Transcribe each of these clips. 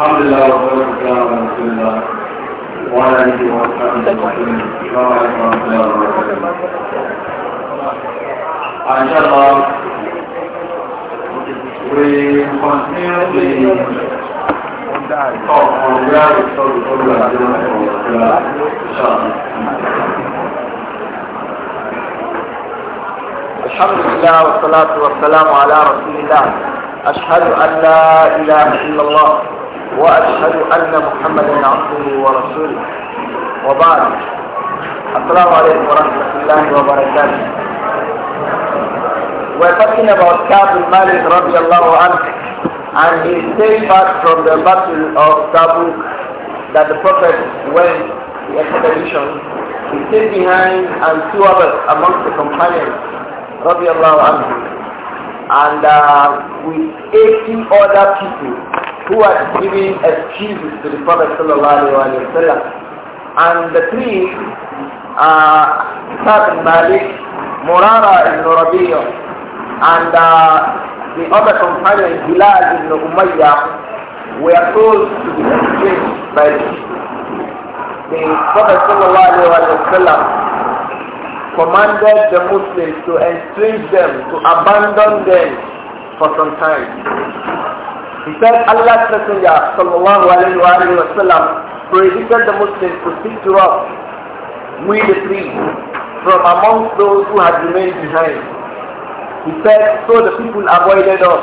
الحمد لله والصلاة والسلام على رسول الله وعلى آله وصحبه وسلم السلام عليكم ورحمة الله وبركاته إن شاء الله we continue the talk on where we saw the problem of the الحمد لله والصلاة والسلام على رسول الله أشهد أن لا إله إلا الله وأشهد أن عبده ورسوله وبعد السلام عليكم ورحمة الله وبركاته We're talking about Ka'b malik radiallahu anhu and he stayed back from the battle of Tabuk that the Prophet went, the expedition, he stayed behind and two others amongst the companions radiallahu anhu and uh, with 80 other people who are giving excuses to the Prophet wasallam. And the three are Sa'd ibn Malik, Murara ibn Rabi'ah, and uh, the other companion Hilal ibn Umayyah were told to be exchanged by the The Prophet wasallam commanded the Muslims to estrange them, to abandon them for some time. He said Allah's Messenger sallallahu alayhi wa sallam predicted the Muslims to speak to us, we the three, from amongst those who had remained behind. He said, so the people avoided us.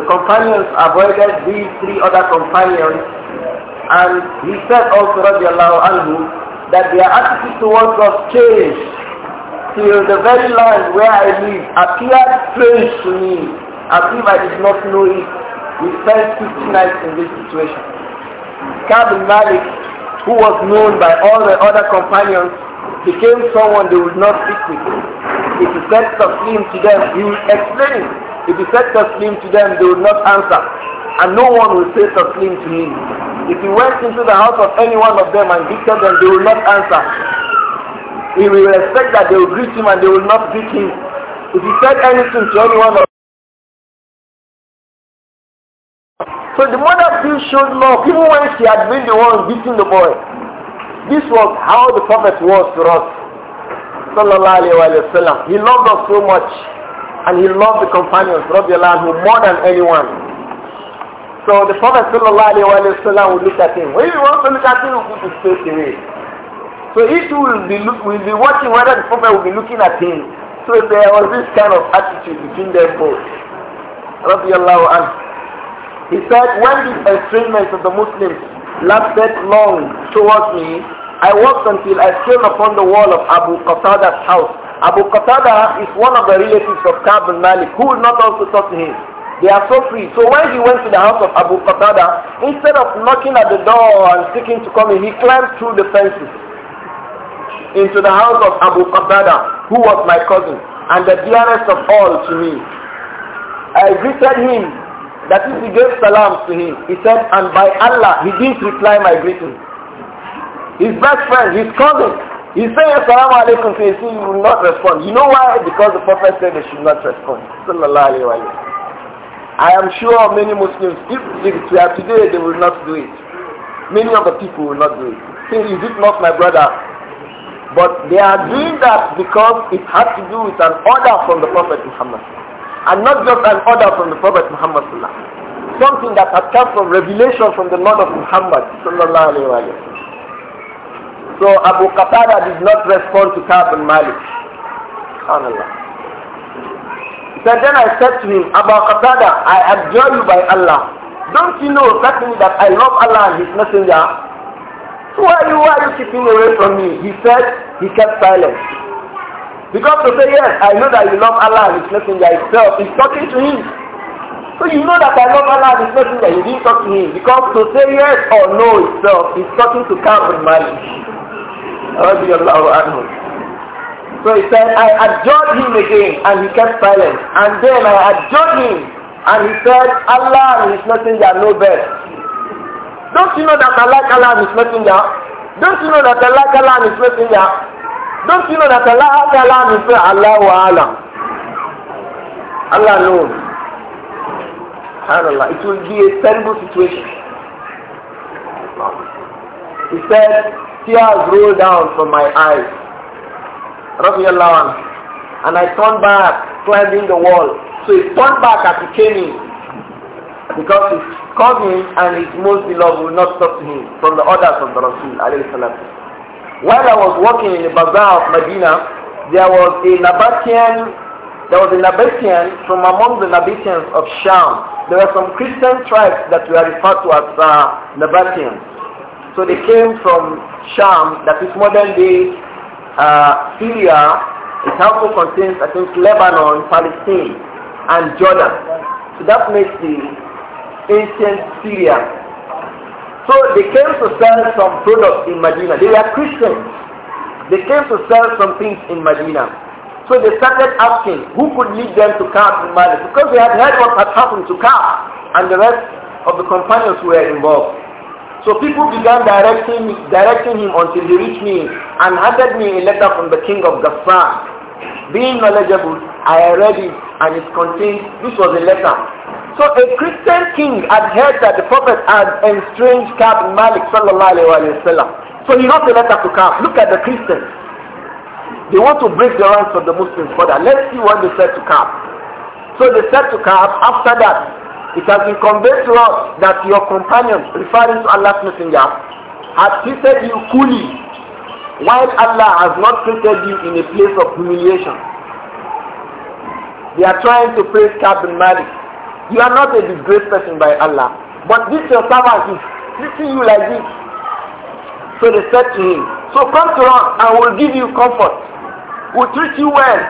The companions avoided these three other companions. And he said also, radiallahu anhu, that their attitude towards us changed till the very land where I live appeared strange to me as if I did not know it. We spent 50 nights in this situation. Kab Malik, who was known by all the other companions, became someone they would not speak with. If he said Taslim to them, he would explain it. If he said Taslim to them, they would not answer. And no one would say Taslim to him. If he went into the house of any one of them and greeted them, they would not answer. He will expect that they will greet him and they will not greet him. If he said anything to anyone of So the mother still showed love even when she had been the one beating the boy. This was how the Prophet was to us. Sallallahu alayhi wa He loved us so much and he loved the companions anhu, more than anyone. So the Prophet sallallahu alayhi wa would look at him. When he wants to look at him, he put his face away. So each will be, look, will be watching whether the Prophet will be looking at him. So there was this kind of attitude between them both. Radiallahu anhu. He said, when this estrangement of the Muslims lasted long towards me, I walked until I came upon the wall of Abu Qatada's house. Abu Qatada is one of the relatives of Ka'b malik who will not also talk to him. They are so free. So when he went to the house of Abu Qatada, instead of knocking at the door and seeking to come in, he climbed through the fences into the house of Abu Qatada, who was my cousin and the dearest of all to me. I greeted him that is, he gave salams to him. He said, and by Allah, he didn't reply my greeting. His best friend, his cousin, he said, Assalamu alaikum to his he will not respond. You know why? Because the Prophet said they should not respond. Sallallahu alayhi wa I am sure many Muslims, if it are today, they will not do it. Many of the people will not do it. Say, is it not my brother? But they are doing that because it had to do with an order from the Prophet Muhammad and not just an order from the Prophet Muhammad sallallahu something that had come from revelation from the Lord of Muhammad sallallahu alaihi wasallam. So Abu Qatada did not respond to Ka'b and Malik. Subhanallah. He said, then I said to him, Abu Qatada, I adjure you by Allah. Don't you know exactly that I love Allah and His Messenger? Why are you, why are you keeping away from me? He said, he kept silent. Because to say, yes, I know that you love Allah and His Messenger itself is talking to him. So you know that I love Allah and His Messenger, you didn't talk to him. Because to say yes or no itself is talking to Calvin Malik. So he said, I adjured him again and he kept silent. And then I adjured him and he said, Allah and His Messenger know best. Don't you know that I like Allah and His Messenger? Don't you know that I like Allah and His Messenger? Don't you know that Allah Ta'ala means Allah wa Allah? Allah knows. Subhanallah. It will be a terrible situation. He said, tears rolled down from my eyes. Radiallahu And I turned back, climbing the wall. So he turned back as he came in. Because his cousin and his most beloved will not stop him from the orders of the Rasul alayhi salatu. While I was working in the bazaar of Medina, there was a Nabatean, there was a Nabatean from among the Nabatians of Sham. There were some Christian tribes that were referred to as uh, So they came from Sham, that is modern day uh, Syria. It also contains, I think, Lebanon, Palestine, and Jordan. So that makes the ancient Syria they came to sell some products in Medina. They were Christians. They came to sell some things in Medina. So they started asking who could lead them to Ka'b bin Malik because they had heard what had happened to Ka'b and the rest of the companions who were involved. So people began directing, directing him until he reached me and handed me a letter from the king of Ghaffran. Being knowledgeable, I read it and it contained, this was a letter so a Christian king had heard that the Prophet had estranged Ka'b Malik sallallahu alayhi wa So he wrote a letter to Ka'b. Look at the Christians. They want to break the ranks of the Muslims But Let's see what they said to Ka'b. So they said to Ka'b, after that, it has been conveyed to us that your companion, referring to Allah's messenger, has treated you coolly while Allah has not treated you in a place of humiliation. They are trying to praise Ka'b Malik. You are not a disgraced person by Allah. But this your servant is treating you like this. So they said to him, So come to us and we'll give you comfort. We'll treat you well.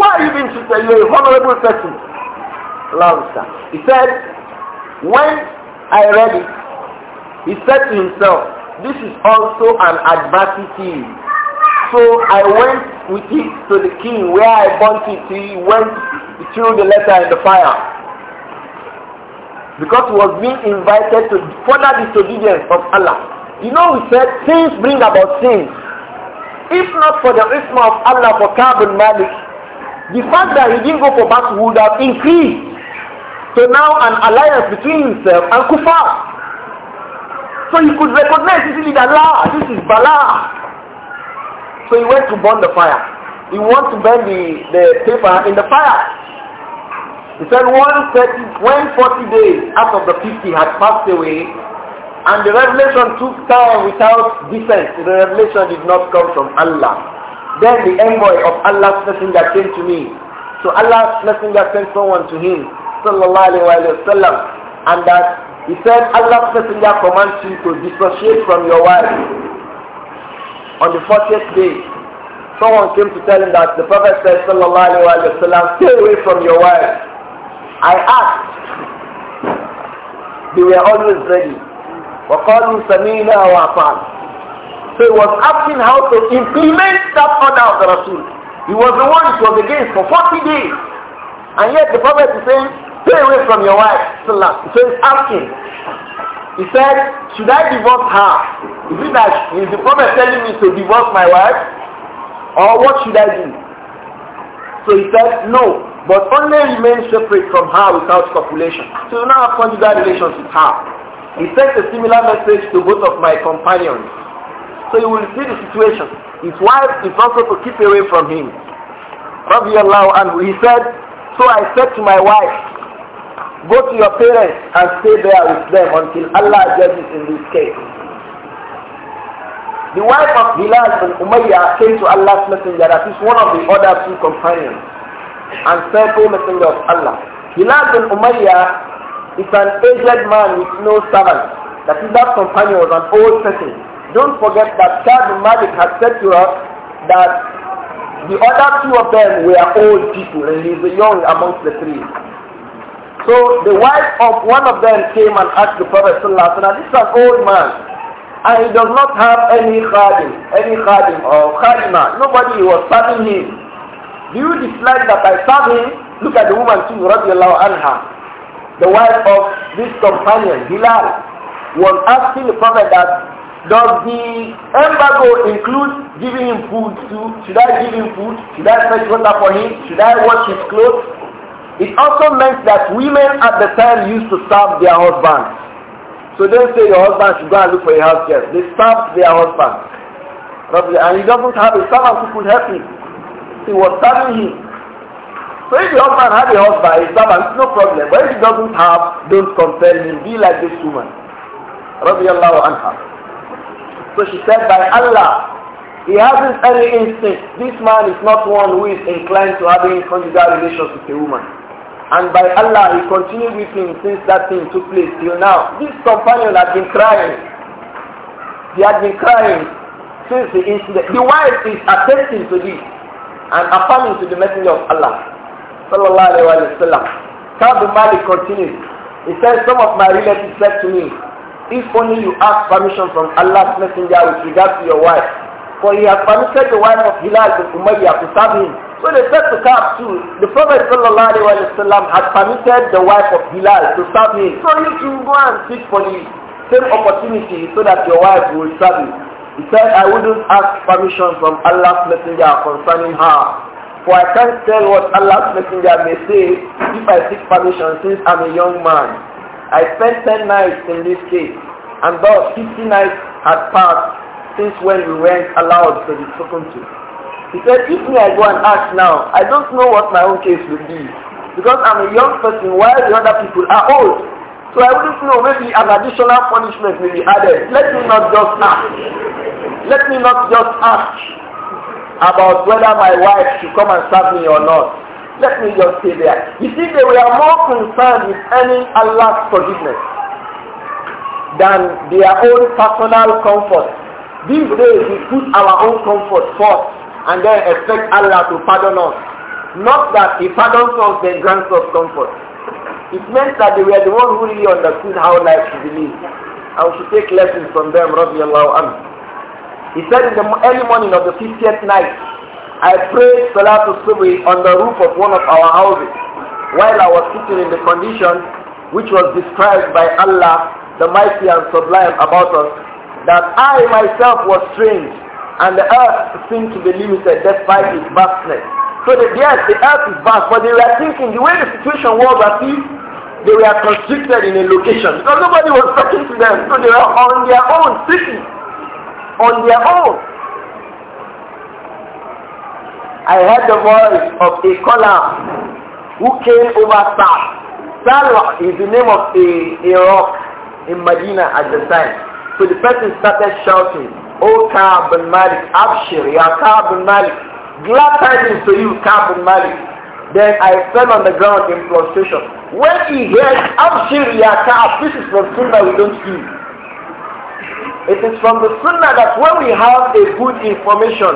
Why are you being treated? You're a honorable person. Allah He said, When I read it, he said to himself, This is also an adversity. So I went with it to the king where I brought it. He went through the letter in the fire. Because he was being invited to further disobedience of Allah. You know we said things bring about things. If not for the wisdom of Allah for carbon Malik, the fact that he didn't go for battle would have increased. So now an alliance between himself and Kufar. So he could recognize easily that Allah, this is Bala. So he went to burn the fire. He wanted to burn the, the paper in the fire. He said one 30, 40 days out of the 50 had passed away, and the revelation took time without defense. The revelation did not come from Allah. Then the envoy of Allah's messenger came to me. So Allah's messenger sent someone to him, sallallahu alayhi wa sallam, and that he said, Allah's messenger commands you to dissociate from your wife. On the 40th day, someone came to tell him that the Prophet said, sallallahu alayhi wa sallam, stay away from your wife. I asked. They were always ready. وَقَالُوا سَمِينَا وَعْفَانَ So he was asking how to implement that order of the Rasul. He was the one who was against for 40 days. And yet the Prophet is saying, stay away from your wife. So he's asking. He said, should I divorce her? Is it that is the Prophet telling me to divorce my wife? Or what should I do? So he said, no, but only remain separate from her without copulation. So you now have conjugal relations with her. He sent a similar message to both of my companions. So you will see the situation. His wife is also to keep away from him. Radiallahu And He said, So I said to my wife, Go to your parents and stay there with them until Allah judges in this case. The wife of Hilal bin Umayyah came to Allah's messenger that is one of the other two companions and faithful messenger of Allah. Hilal bin Umayyah is an aged man with no servant. That is that companion was an old person. Don't forget that Chad bin Malik had said to us that the other two of them were old people and he is the young amongst the three. So the wife of one of them came and asked the Prophet Sallallahu Alaihi this is an old man and he does not have any khadim, any khadim or khadima. Nobody was serving him. Do you dislike that I serve him? Look at the woman too, radiallahu anha. The wife of this companion, Hilal, was asking the Prophet that, does the embargo include giving him food too? Should I give him food? Should I fetch water for him? Should I wash his clothes? It also meant that women at the time used to serve their husbands. So don't say your husband should go and look for a house guest. They serve their husband. And he doesn't have a servant who could help him he was serving him. So if the husband had a husband, a servant, no problem. But if he doesn't have, don't compel him. Be like this woman. Radiallahu anha. So she said, by Allah, he hasn't any instinct. This man is not one who is inclined to having conjugal relations with a woman. And by Allah, he continued with him since that thing took place till now. This companion had been crying. He had been crying since the incident. The wife is attesting to this and affirming to the messenger of Allah sallallahu alayhi wa sallam. Malik continues. He says, some of my relatives said to me, if only you ask permission from Allah's messenger with regard to your wife, for he has permitted the wife of Hilal bin Umayyah to serve him. So they said to Ka'b too, the Prophet sallallahu alayhi wa sallam had permitted the wife of Hilal to serve him. So you should go and seek for the same opportunity so that your wife will serve you. He said, I wouldn't ask permission from Allah's messenger concerning her. For I can't tell what Allah's messenger may say if I seek permission since I'm a young man. I spent 10 nights in this case, and thus 50 nights had passed since when we were allowed to be spoken to. He said, if me I go and ask now, I don't know what my own case will be. Because I'm a young person while the other people are old. So I wouldn't know, maybe an additional punishment may be added. Let me not just ask. Let me not just ask about whether my wife should come and serve me or not. Let me just stay there. You see, they were more concerned with earning Allah's forgiveness than their own personal comfort. These days, we put our own comfort first and then expect Allah to pardon us. Not that He pardons us, then grants us comfort. It meant that they were the one who really understood how life should be lived. And we should take lessons from them, radiallahu anhu. He said in the early morning of the 50th night, I prayed Salatul Subri on the roof of one of our houses while I was sitting in the condition which was described by Allah, the mighty and sublime about us, that I myself was strange and the earth seemed to be limited despite its vastness. So the, yes, the earth is vast, but they were thinking the way the situation was that least, they were constricted in a location because nobody was talking to them. So they were on their own, sitting on their own. I heard the voice of a caller who came over Sar. Sar is the name of a, a rock in Medina at the time. So the person started shouting, O Ka'b bin Malik, Abshir, Ya Ka'b bin Malik. Glad tidings to you, Captain Mali. Then I fell on the ground in prostration. When he heard, Abshir ya Ka'ab, this is from Sunnah we don't see. It is from the Sunnah that when we have a good information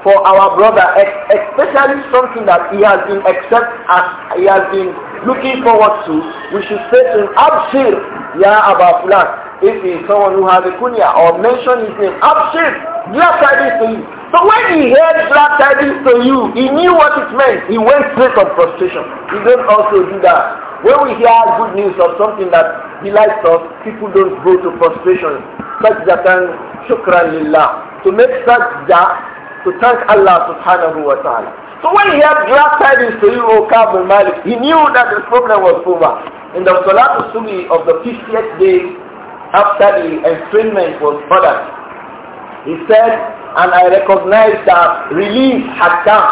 for our brother, especially something that he has been accept as he has been looking forward to, we should say to him, Abshir ya Aba if he is someone who has a kunya or mention his name, Abshir, glad tidings to you. So when he heard glad tidings to you, he knew what it meant. He went straight on prostration. He don't also do that. When we hear good news of something that delights us, people don't go to prostration. that shukran lillah. To make sajda, to thank Allah subhanahu wa ta'ala. So when he heard glad tidings to you, O Ka'b Malik, he knew that the problem was over. In the Salatul Subi of the 50th day after the enthronement was ordered, he said, and I recognized that relief had come.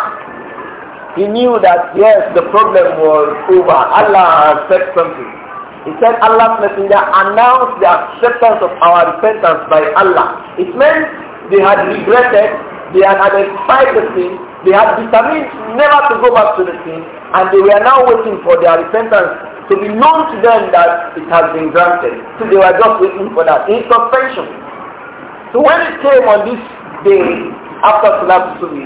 He knew that yes, the problem was over. Allah has said something. He said Allah's messenger announced the acceptance of our repentance by Allah. It meant they had regretted, they had identified the sin, they had determined never to go back to the sin, and they were now waiting for their repentance to be known to them that it has been granted. So they were just waiting for that in suspension. So when it came on this day after Salat Subi,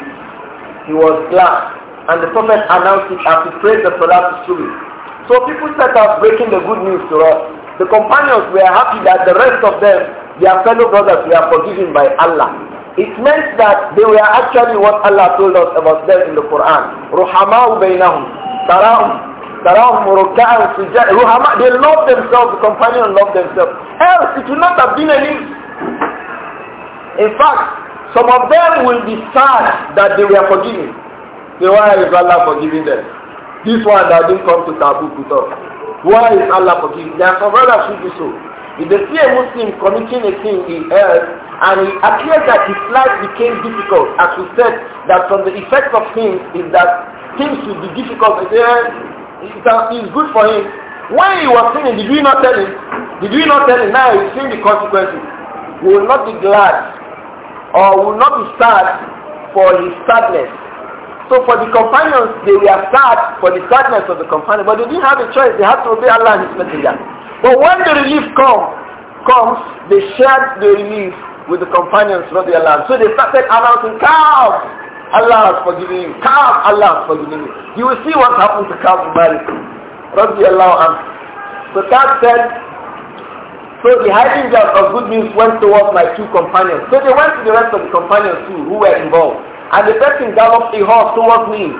he was glad. And the Prophet announced it as he prayed the Salat Subi. So people started breaking the good news to us. The companions were happy that the rest of them, their fellow brothers, were forgiven by Allah. It meant that they were actually what Allah told us about them in the Quran. رُحَمَاءُ بَيْنَهُمْ تَرَاهُمْ تَرَاهُمْ رُكَّعًا سُجَّعًا They loved themselves, the companion loved themselves. Else it would not have been any. In fact, some of them will be sad that they were forgiven. Say, why is Allah forgiving them? This one that didn't come to Tabuk with us. Why is Allah forgiving? There are some brothers who do so. If they see a Muslim committing a sin in earth, and it appears that his life became difficult, as we said, that from the effect of things is that things will be difficult. Eh, uh, it's good for him. When he was sinning, did we not tell him? Did we not tell him? Now he's seeing the consequences. We will not be glad or will not be sad for his sadness. So for the companions, they were sad for the sadness of the companion, but they didn't have a choice. They had to obey Allah and His Messenger. But when the relief come, comes, they shared the relief with the companions not the Allah. So they started announcing, Calf! Allah has forgiven you. Calf! Allah has forgiven you. You will see what happened to Calf Malik. Rabbi Allah. So Calf said, so the tidings of, good news went towards my two companions. So they went to the rest of the companions too, who were involved. And the person galloped a horse towards me.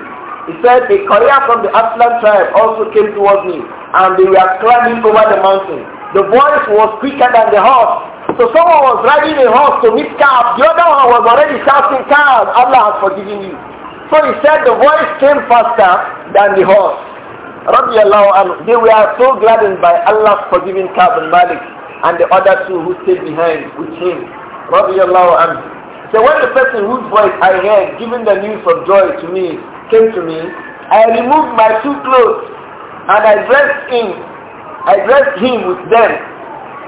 He said, a courier from the Aslan tribe also came towards me, and they were climbing over the mountain. The voice was quicker than the horse. So someone was riding a horse to meet Kaab. The other one was already shouting, Kaab, Allah has forgiven you. So he said the voice came faster than the horse. Radiallahu They were so gladdened by Allah's forgiving Kaab and Malik and the other two who stayed behind with him. Radiallahu anhu. So when the person whose voice I heard giving the news of joy to me came to me, I removed my two clothes and I dressed him. I dressed him with them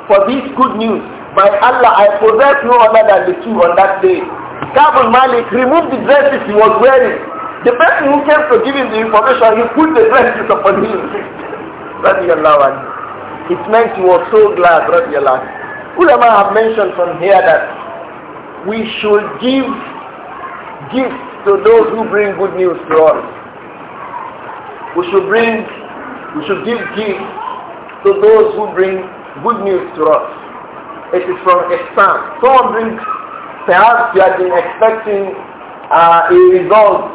for this good news. By Allah, I possess no other than the two on that day. Kabul Malik removed the dresses he was wearing. The person who came to give him the information, he put the dresses upon him. Radiallahu anhu. It meant you were so glad, radiallahu Ulama have mentioned from here that we should give gifts to those who bring good news to us. We should bring, we should give gifts to those who bring good news to us. It is from Islam. Someone brings, perhaps you have been expecting uh, a result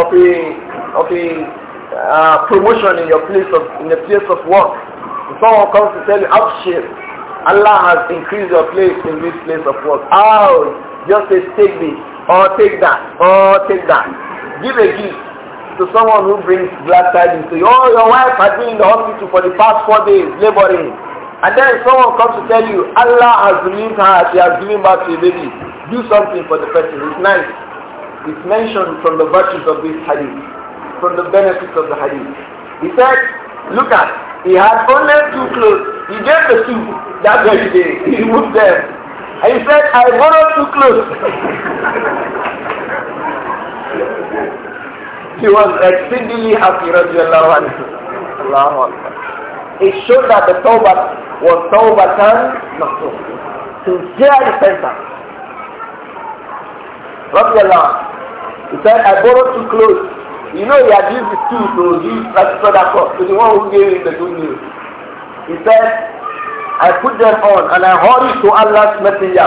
of a, of a uh, promotion in your place of, in the place of work someone comes to tell you, Abshir, oh, Allah has increased your place in this place of work. Oh, just say, take this, or take that, or take that. Give a gift to someone who brings black tidings to you. Oh, your wife has been in the hospital for the past four days, laboring. And then someone comes to tell you, Allah has relieved her, she has given back to a baby. Do something for the person. It's nice. It's mentioned from the virtues of this hadith, from the benefits of the hadith. He said, look at he had only two clothes. He gave the two that very day. He removed them. And he said, I borrowed two clothes. he was exceedingly happy, radiallahu anhu. Allahu Akbar. It showed that the Tawbah was Tawbatan Mahtum. Sincere repentance. Radiallahu anhu. He said, I borrowed two clothes. You know he had used the two to give that to the one who gave him the good news. He said, I put them on and I hurried to Allah's messenger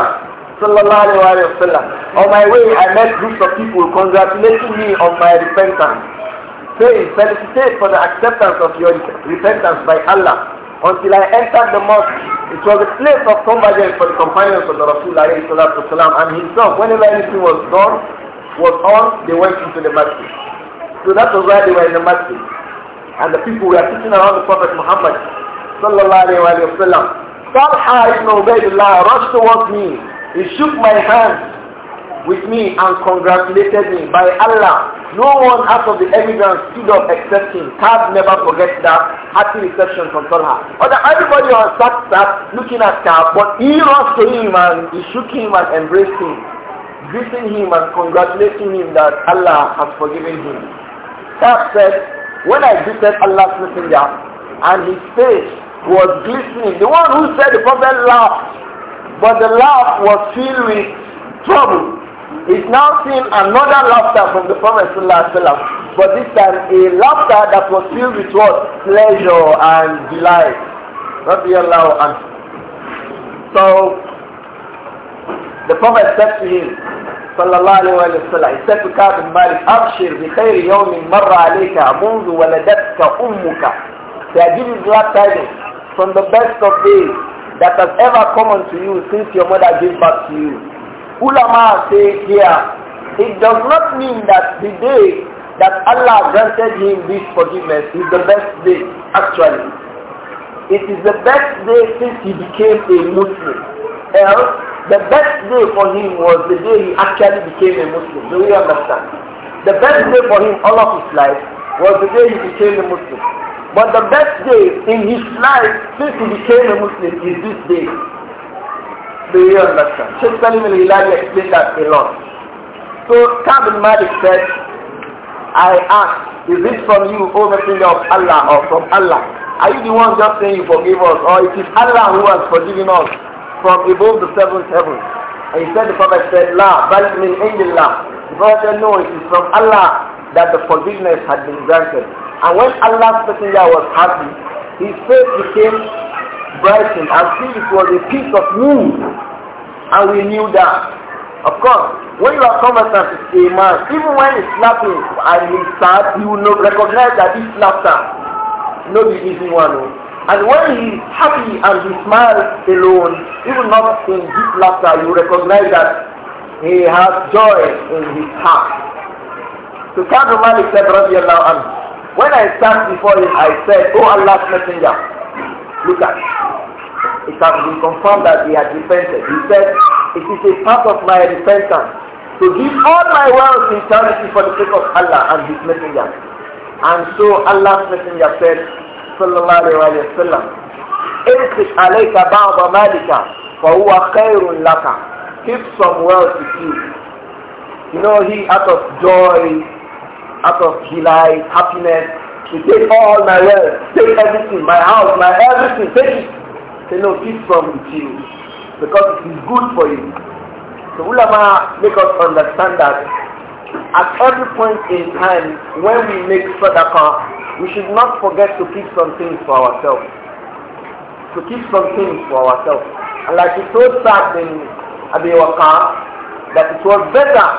sallallahu On my way, I met groups of people congratulating me on my repentance, saying, felicitate for the acceptance of your repentance by Allah. Until I entered the mosque, it was a place of convergence for the companions of the Rasulullah alayhi salatu wasalam and himself. Whenever anything was done, was on, they went into the mosque. So that was why they were in the masjid. And the people were sitting around the Prophet Muhammad sallallahu alayhi wa sallam. Talha ibn Ubaidullah rushed towards me. He shook my hand with me and congratulated me. By Allah, no one out of the evidence stood up except him. Tab never forget that happy reception from Talha. Other everybody was sat, sat looking at Tab, but he rushed to him and he shook him and embraced him, greeting him and congratulating him that Allah has forgiven him. That said, when I visited Allah's messenger and his face was glistening, the one who said the prophet laughed, but the laugh was filled with trouble. He's now seen another laughter from the Prophet but this time a laughter that was filled with what? Pleasure and delight. Not the Allah. So the Prophet said to him, sallallahu alayhi wa sallam. He said to Ka'b bin Malik, Abshir bi khayri yawmin marra alayka mundu waladatka ummuka. They are giving glad tidings from the best of days that has ever come unto you since your mother gave birth to you. Ulama say here, it does not mean that the day that Allah granted him this forgiveness is the best day, actually. It is the best day since he became a Muslim. Else, the best day for him was the day he actually became a Muslim. Do you understand? The best day for him all of his life was the day he became a Muslim. But the best day in his life since he became a Muslim is this day. Do you understand? Sheikh Salim al-Hilali explained that a lot. So Kab malik said, I ask: is this from you, O Messenger of Allah, or from Allah? Are you the one just saying you forgive us, or it is Allah who has forgiven us? from above the seventh heaven. And he said, the Prophet said, La, bal min indillah. The Prophet said, no, it is from Allah that the forgiveness had been granted. And when Allah's messenger was happy, his face became brightened as if it was a piece of moon. And we knew that. Of course, when you are conversant with a man, even when he's laughing and he's sad, you will not recognize that this laughter, not the easy one. Oh. And when he's happy and he smiles alone, even not in deep laughter, you recognize that he has joy in his heart. So Kadu Malik said, radiallahu anhu, when I sat before him, I said, "O oh Allah's messenger, look at it. It has been confirmed that he had repented. He said, it is a part of my repentance to give all my wealth in charity for the sake of Allah and his messenger. And so Allah's messenger said, صلى الله عليه sallam irsit alayka ba'da malika fa فهو خير لك. keep some wealth with you you know he out of joy out of delight happiness he take all my wealth take everything my house my everything take it say no keep some with you because it is good for you so ulama make us understand that At every point in time when we make sadaqah, we should not forget to keep some things for ourselves. To keep some things for ourselves. And like he told Sa'd bin Abi that it was better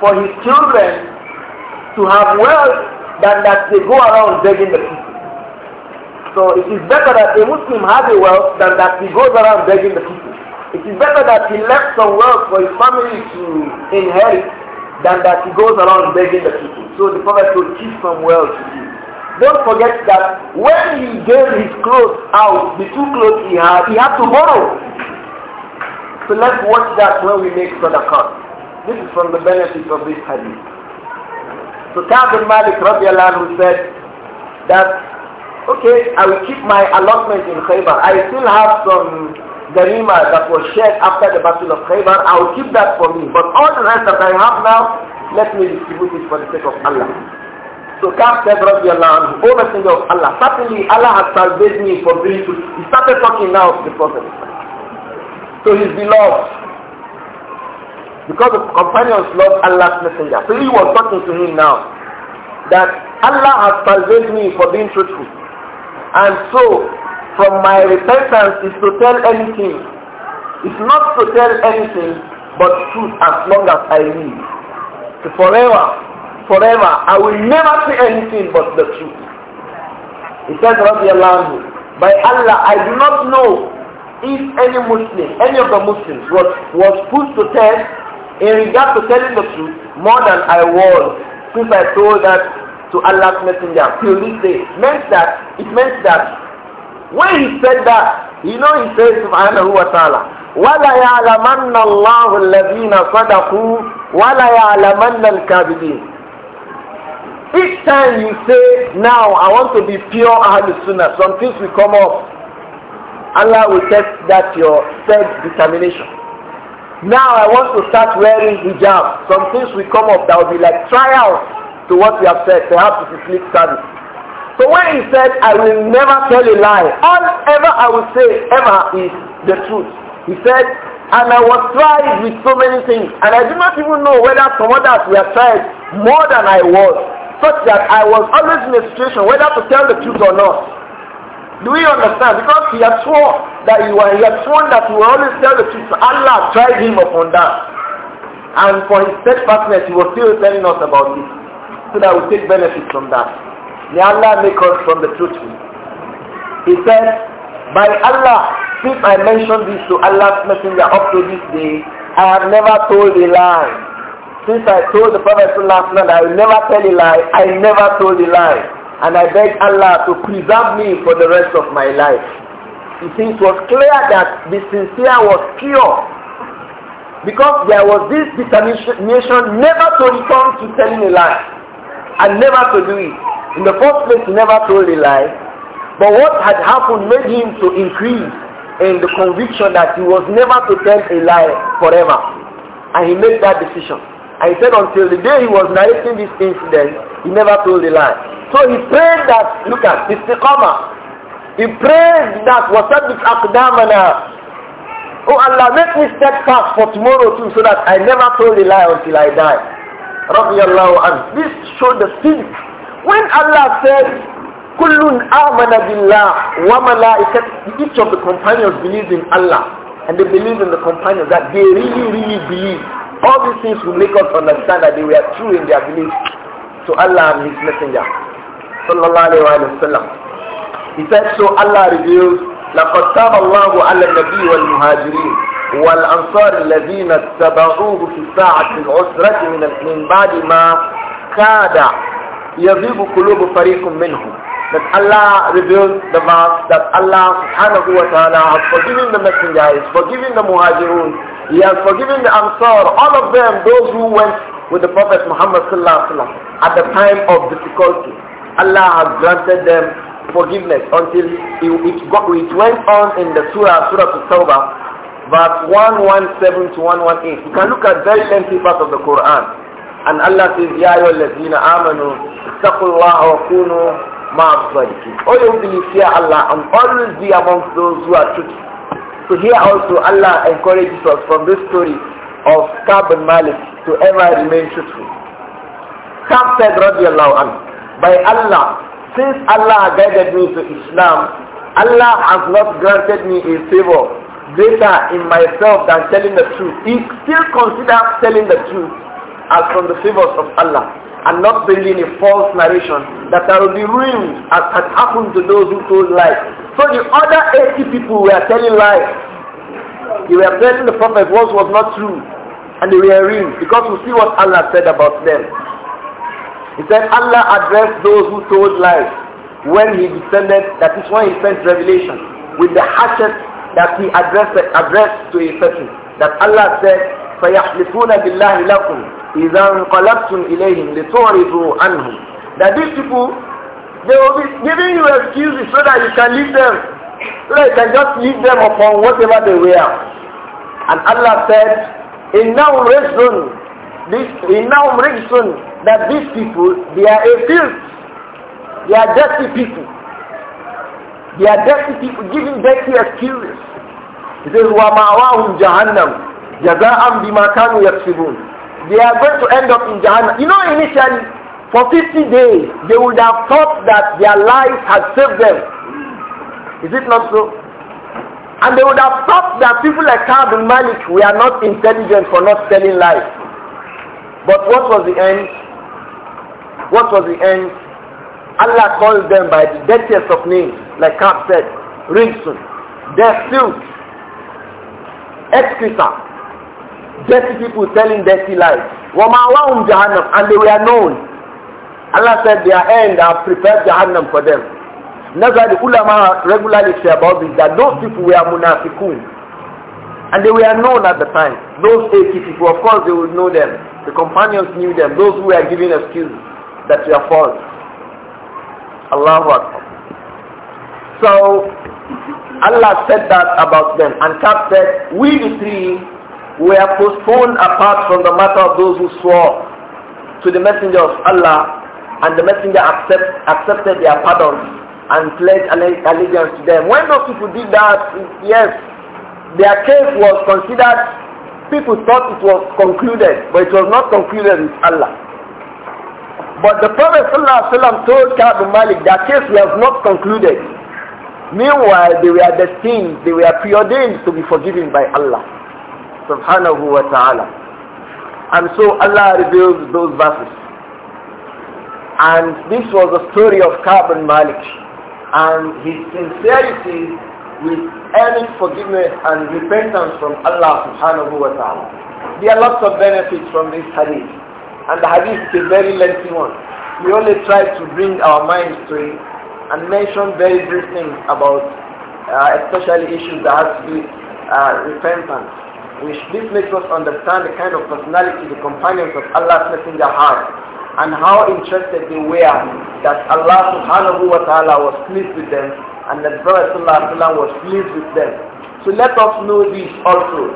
for his children to have wealth than that they go around begging the people. So it is better that a Muslim has a wealth than that he goes around begging the people. It is better that he left some wealth for his family to inherit than that he goes around begging the people. So the Prophet will keep some wealth to you. Don't forget that when he gave his clothes out, the two clothes he had, he had to borrow. So let's watch that when we make sadaqah. This is from the benefits of this hadith. So Malik bin Malik who said that, okay, I will keep my allotment in Khaybar. I still have some ganima that was shared after the battle of Khaybar, I will keep that for me. But all the rest that I have now, let me distribute it for the sake of Allah. So Kaf said, Radiallahu anhu, O Messenger of Allah, certainly Allah has salvaged me from this. He started talking now to the Prophet. So he's beloved. Because the companions loved Allah's messenger. So he was talking to him now. That Allah has salvaged me for being truthful. And so from my repentance is to tell anything. It's not to tell anything but truth as long as I live. So forever, forever, I will never say anything but the truth. He says, me. by Allah, I do not know if any Muslim, any of the Muslims was, was put to test in regard to telling the truth more than I was since I told that to Allah's messenger till this day. Meant that, it meant that when he said that, you know he says subhanahu wa ta'ala, وَلَيَعْلَمَنَّ اللَّهُ الَّذِينَ صَدَقُوا وَلَيَعْلَمَنَّ الْكَاذِبِينَ each time you say, now I want to be pure Ahlul Sunnah, some things will come up. Allah will test that your self-determination. Now I want to start wearing hijab. Some things will come up that will be like trial to what we have said. Perhaps it is lip service. So when he said, I will never tell a lie, all ever I will say ever is the truth. He said, and I was tried with so many things, and I do not even know whether some others were tried more than I was, such that I was always in a situation whether to tell the truth or not. Do we understand? Because he had sworn that you were, he had sworn that you will always tell the truth. Allah tried him upon that. And for his steadfastness, he was still telling us about it. So that we take benefit from that. May Allah make us from the truthful. He said, By Allah, since I mentioned this to Allah's messenger up to this day, I have never told a lie. Since I told the Prophet last night, I will never tell a lie. I never told a lie. And I beg Allah to preserve me for the rest of my life. You see, it was clear that the sincere was pure. Because there was this determination never to return to telling a lie and never to do it. In the first place, he never told a lie. But what had happened made him to increase in the conviction that he was never to tell a lie forever. And he made that decision. And he said until the day he was narrating this incident, he never told a lie. So he prayed that, look at, it's the comma. He prayed that, وَثَبِّتْ akdamana. Oh Allah, make me steadfast for tomorrow too so that I never told a lie until I die. Radiallahu This showed the sin when Allah said, Kullun amana billah wa malaikat, each of the companions believed in Allah and they believed in the companions that they really, really believed. All these things will make us understand that they were true in their belief to Allah and His Messenger. Sallallahu Alaihi Wasallam. He said, so Allah reveals, لَقَدْ تَابَ اللَّهُ عَلَى النَّبِيِّ وَالْمُهَاجِرِينَ والأنصار الذين اتبعوه في ساعة العسرة من من بعد ما كاد يَذِيبُ قُلُوبُ فَرِيقٌ مِّنْهُمْ that Allah revealed the verse that Allah subhanahu wa ta'ala has forgiven the messengers, forgiven the muhajirun, he has forgiven the ansar, all of them, those who went with the Prophet Muhammad sallallahu alaihi wasallam at the time of difficulty. Allah has granted them forgiveness until it, got, it went on in the surah, surah Tawbah, verse 117 to 118. You can look at very lengthy part of the Quran. And Allah says, Ya ayyuhallazina amanu, ittaqullaha wa kunu ma'as-sadiqin. O you believe, Allah and always be amongst those who are truthful. So here also Allah encourages us from this story of Kab and Malik to ever remain truthful. Kab said, radiallahu anhu, by Allah, since Allah guided me to Islam, Allah has not granted me a favor greater in myself than telling the truth. He still considers telling the truth as from the favors of Allah and not believing a false narration that there will be ruined as had happened to those who told lies. So the other 80 people were telling lies. They were telling the Prophet what was not true and they were ruined because we see what Allah said about them. He said Allah addressed those who told lies when he descended, that is when he sent revelation with the hatchet that he addressed, addressed to a person. That Allah said, فَيَحْلِفُونَ بِاللَّهِ لَكُمْ إذا انقلبتم إليهم لتعرضوا عنهم that these people they will be giving you excuses so that you can leave them so that you can just leave them upon whatever they wear. and Allah said in now reason, this now reason that these people they are a filth they are dirty people they are dirty people giving dirty excuses it says وَمَعْوَاهُمْ جَهَنَّمْ جَزَاءً بِمَا كَانُوا yaksibun they are going to end up in Jannah. You know, initially, for 50 days, they would have thought that their life had saved them. Is it not so? And they would have thought that people like Kab and Malik were not intelligent for not telling lies. But what was the end? What was the end? Allah called them by the deadliest of names, like Kab said, Rinsun, Death Suit, Excreta, dirty people telling dirty lies. And they were known. Allah said their end have prepared Jahannam for them. That's that the ulama regularly say about this, that those people were munafikun, And they were known at the time. Those 80 people, of course they would know them. The companions knew them. Those who were giving excuses that were false. Allahu Akbar. So, Allah said that about them. And Kaf said, we the three were postponed apart from the matter of those who swore to the messenger of Allah and the messenger accept, accepted their pardon and pledged allegiance to them. When those people did that, yes, their case was considered, people thought it was concluded, but it was not concluded with Allah. But the Prophet ﷺ told Ka'b Malik, their case was not concluded. Meanwhile, they were destined, they were preordained to be forgiven by Allah subhanahu wa ta'ala. And so Allah reveals those verses. And this was the story of Ka'b Malik and his sincerity with earning forgiveness and repentance from Allah subhanahu wa ta'ala. There are lots of benefits from this hadith. And the hadith is a very lengthy one. We only try to bring our minds to it and mention very brief things about uh, especially issues that have to do uh, repentance which this makes us understand the kind of personality the companions of Allah in their hearts and how interested they were that Allah subhanahu wa ta'ala was pleased with them and that Prophet was pleased with them. So let us know this also.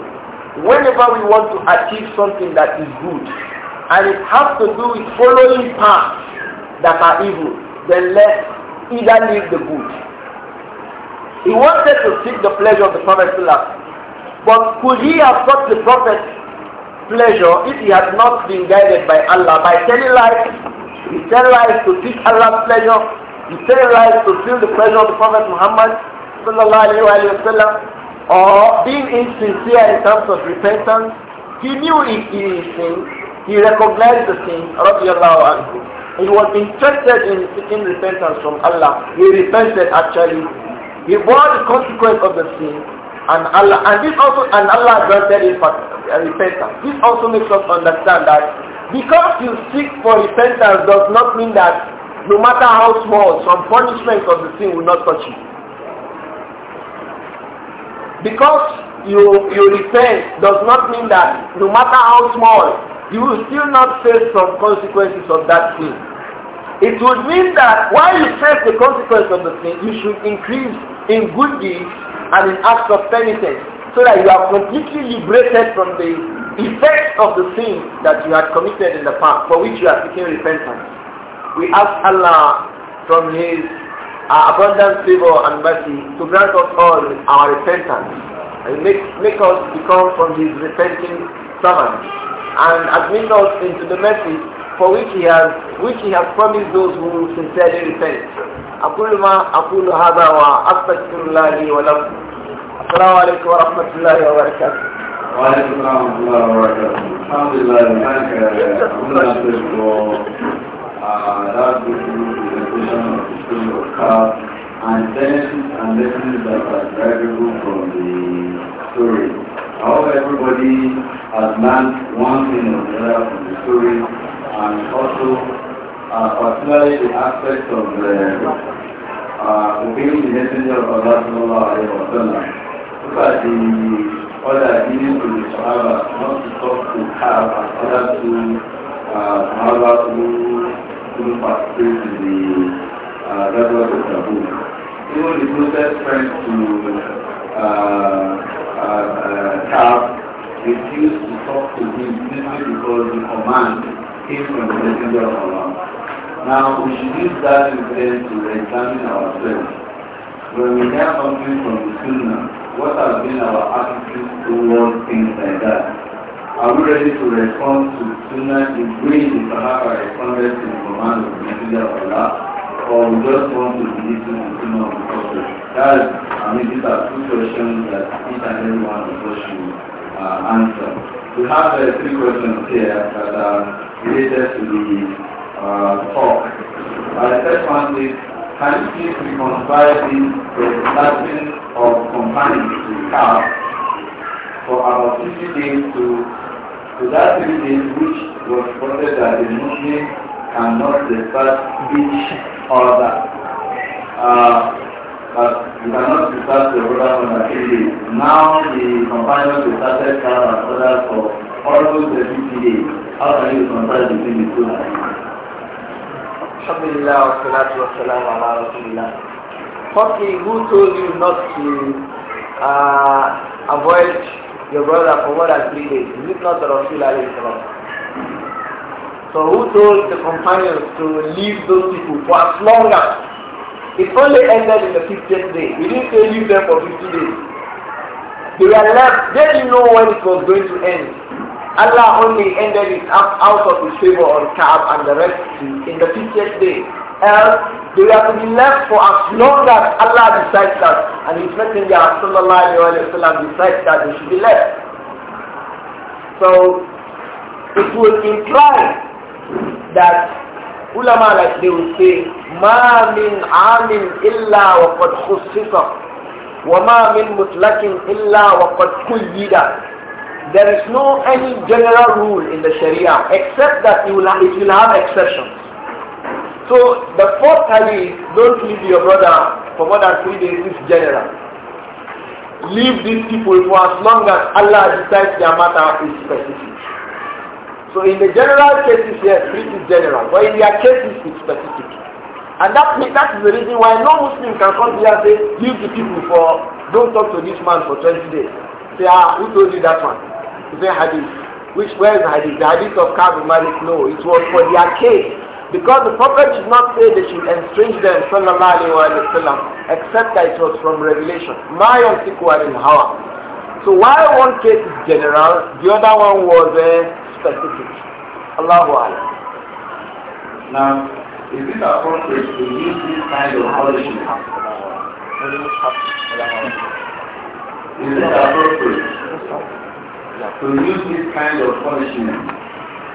Whenever we want to achieve something that is good and it has to do with following paths that are evil, then let either leave the good. He wanted to seek the pleasure of the Prophet but could he have got the prophet pleasure if he had not been guided by Allah by telling lies? He tell lies to seek Allah's pleasure. He tell lies to feel the pleasure of the Prophet Muhammad sallallahu alaihi wasallam, or being insincere in terms of repentance. He knew he it is sin. He recognized the sin. Radiallahu anhu. He was interested in seeking repentance from Allah. He repented actually. He bore the consequence of the sin and Allah, and this also, and Allah granted him repentance. This also makes us understand that because you seek for repentance does not mean that no matter how small, some punishment of the sin will not touch you. Because you, you repent does not mean that no matter how small, you will still not face some consequences of that sin. It would mean that while you face the consequence of the sin, you should increase in good deeds and in acts of penitence so that you are completely liberated from the effects of the sin that you had committed in the past for which you are seeking repentance. We ask Allah from His uh, abundant favor and mercy to grant us all our repentance and make, make us become from His repenting servants and admit us into the mercy for which He has, which he has promised those who sincerely repent. أقول ما أقول هذا وأستغفر الله لي ولكم السلام عليكم ورحمة الله وبركاته وعليكم السلام ورحمة الله وبركاته الحمد لله آه، How everybody has learned one thing or another from the story, and also uh, particularly the aspect of uh, uh, obeying the messenger of Allah sallallahu alayhi wa sallam. Look at the other dealing to the Sahaba, not to talk to Kaab, but rather to uh, Sahaba who couldn't participate in the uh, Ghazwa of Taboo. Even the closest friends to uh, uh, uh, Kaab refused to talk to him simply because the command came from the messenger of Allah. Now we should use that evidence to examine ourselves. When we hear something from the Sunnah, what has been our attitude towards things like that? Are we ready to respond to the Sunnah in way the Sahaba responded to the command of the Messenger of Allah? Or we just want to believe in the Sunnah of the Prophet? That is, I mean, these are two questions that each and every one of us should uh, answer. We have uh, three questions here that are related to the uh, talk. Uh, the first one is, can you please reconcile the Latin of companions we have for about 50 days to, to that 50 days which was reported that the Muslim cannot discuss each other. Uh, but we cannot discuss the order on the days. Now the companions started to and brothers for almost 50 days. How can you reconcile between the two? Alhamdulillah, salatu wassalam ala Rasulullah. who told you not to uh, avoid your brother for more than three days? Is it not Rasulullah? So who told the companions to leave those people for as long as? It only ended in the 15th day. We didn't say leave them for 15 days. They were left. They didn't know when it was going to end. Allah only ended it up out of his favor on Kaab and the rest in the 50th day. Else, they have to be left for as long as Allah decides that. And his messenger, sallallahu alayhi wa sallam, decides that they should be left. So, it would imply that ulama like they would say, مَا مِنْ عَامٍ إِلَّا وَقَدْ خُصِّصَ وَمَا مِنْ مُطْلَقٍ إِلَّا وَقَدْ كُيِّدَ there is no any general rule in the Sharia except that you will have, it will have exceptions. So the fourth hadith, don't leave your brother for more than three days, is general. Leave these people for as long as Allah decides their matter is specific. So in the general cases, yes, it is general, but in their cases, it's specific. And that, that is the reason why no Muslim can come here and say, leave the people for, don't talk to this man for 20 days. Say, ah, who told you that one? It's hadith. Which, where is the hadith? The hadith of Ka'b Malik? No, it was for their case. Because the Prophet did not say they should estrange them, sallallahu alayhi wa sallam, except that it was from revelation. Ma yantiku anil hawa. So why one case is general, the other one was uh, specific. Allahu alayhi. Now, is it appropriate to use this kind of polishing? Is it appropriate? that produce this kind of punishment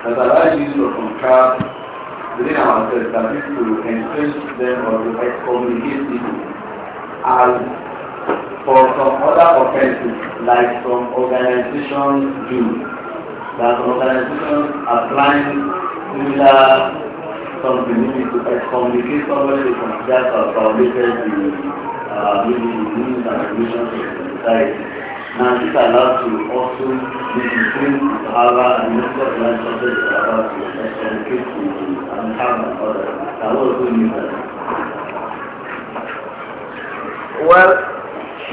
that allows you to contract within ourselves that is to entrench them or to excommunicate people as for some other offenses like some organizations do that organizations applying similar something maybe to excommunicate somebody they consider as violated the uh, maybe the rules and regulations of society this also and about and have an order. Well,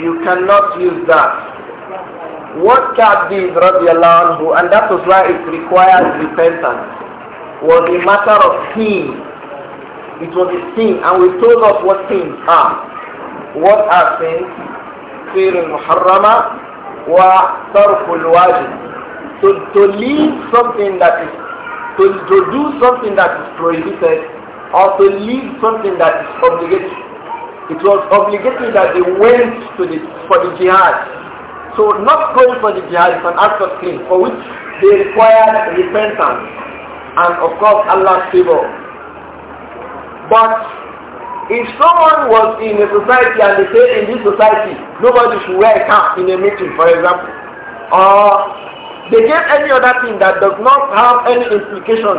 you cannot use that. What Ka'b did, radiallahu anhu, and that was why it required repentance, was a matter of sin. It was a sin, and we told us what sins are. What are sins? غير المحرمة وَتَرْكُ الْوَاجِبِ to, to leave something that is, to, to do something that is prohibited or to leave something that is obligatory. It was obligatory that they went to the, for the jihad. So not going for the jihad is an act of sin for which they require repentance and of course Allah's favor. But if someone was in a society and they say in this society nobody should wear a cap in a meeting, for example, or they gave any other thing that does not have any implications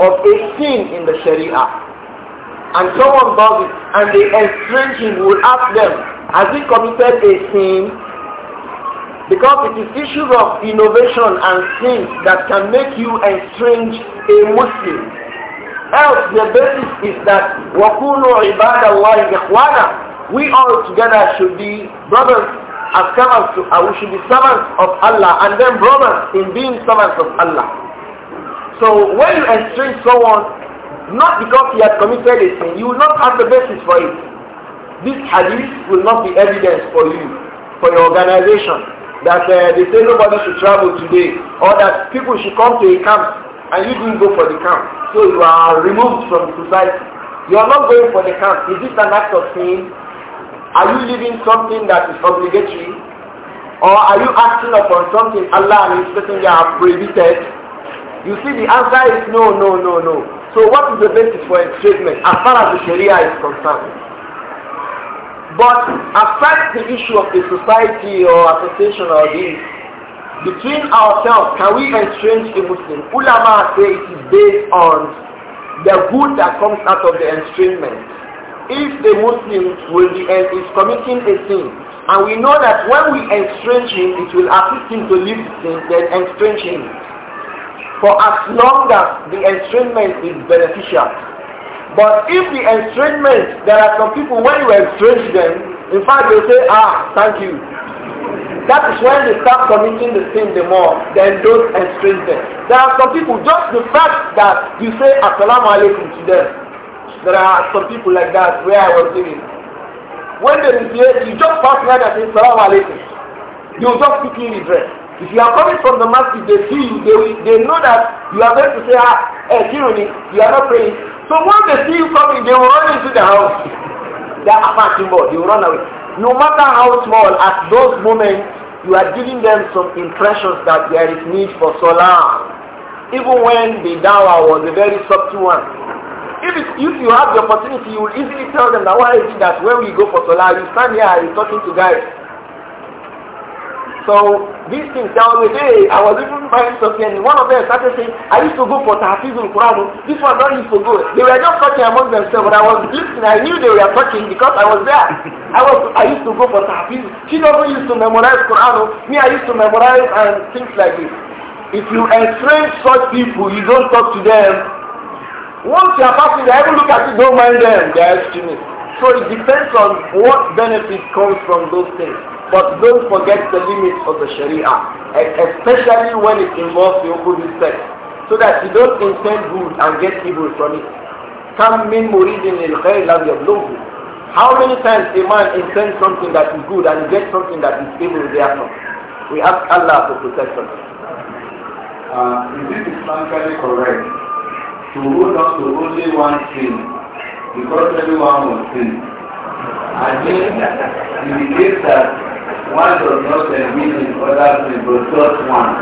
of a sin in the Sharia, and someone does it and they estrange him, will ask them, has he committed a sin? Because it is issues of innovation and sin that can make you estrange a Muslim else the basis is that وَكُونُوا عِبَادَ اللَّهِ إِخْوَانًا We all together should be brothers as servants to, uh, we should be servants of Allah and then brothers in being servants of Allah. So when you estrange someone, not because he has committed a sin, you will not have the basis for it. This hadith will not be evidence for you, for your organization. That uh, they say nobody should travel today, or that people should come to a camp, and you didn't go for the camp. So you are removed from society. You are not going for the camp. Is this an act of sin? Are you living something that is obligatory? Or are you acting upon something Allah and His Messenger have prohibited? You see, the answer is no, no, no, no. So what is the basis for a as far as the Sharia is concerned? But aside the issue of the society or association or this, between ourselves, can we estrange a Muslim? Ulama say it is based on the good that comes out of the estrangement. If the Muslim will be, eh, is committing a sin, and we know that when we estrange him, it will assist him to leave the sin, then estrange him. For as long as the estrangement is beneficial. But if the estrangement, there are some people, when you estrange them, in fact they say, ah, thank you. That is when they start committing the sin the more, then those estrange them. There are some people, just the fact that you say Assalamu alaikum to them, there are some people like that where I was living. When they refuse, you just pass by and say Assalamu alaikum. They will just quickly regret. If you are coming from the masjid, they see you, they, they know that you are going to say, ah, eh, tyranny, you are not praying. So when they see you coming, they will run into the house. They are a marching ball, they will run away no matter how small, at those moments, you are giving them some impressions that there is need for salah. Even when the dawah was a very subtle one. If, it, if you have the opportunity, you will easily tell them that why is it that when we go for salah, you stand here and you're talking to guys so these things tell me, hey, I was even buying something and one of them started saying, I used to go for Tahfiz in Quran. This one not used to go. They were just talking among themselves, but I was listening. I knew they were talking because I was there. I was I used to go for Tahfiz. She never used to memorize Quran. Me, I used to memorize and things like this. If you estrange such people, you don't talk to them. Once you are passing, they even look at you, don't mind them. They are extremists. So it depends on what benefit comes from those things. But don't forget the limits of the Sharia, especially when it involves the good sex, so that you don't intend good and get evil from it. Come min muridin il khayr lam How many times a man intends something that is good and gets something that is evil therefrom? We ask Allah for protection. Uh, is it Islamically correct to hold on to only one sin because everyone will sin? I mean, case that one does not admit in other the first one.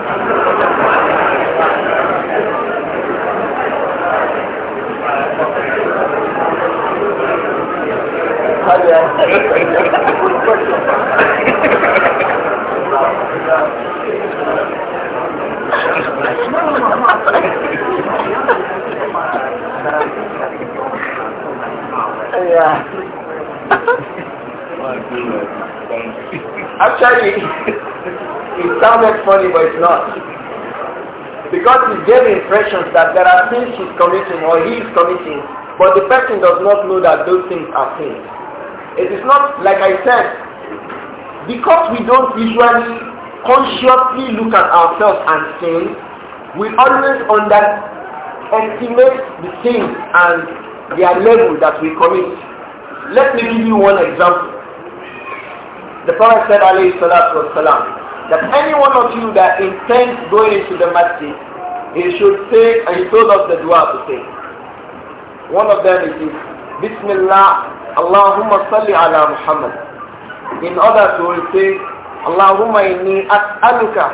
yeah. Actually, it sounded funny, but it's not. Because it gave impressions that there are things he's committing or he is committing, but the person does not know that those things are things. It is not, like I said, because we don't usually consciously look at ourselves and sin, we always underestimate the sins and their level that we commit. Let me give you one example. The Prophet said, alayhi salatu wasalam, that any one of you that intends going into the masjid, he should say, and he told us the dua to say. One of them is this, Bismillah, Allahumma salli ala Muhammad. In order to say, Allahumma inni as'aluka,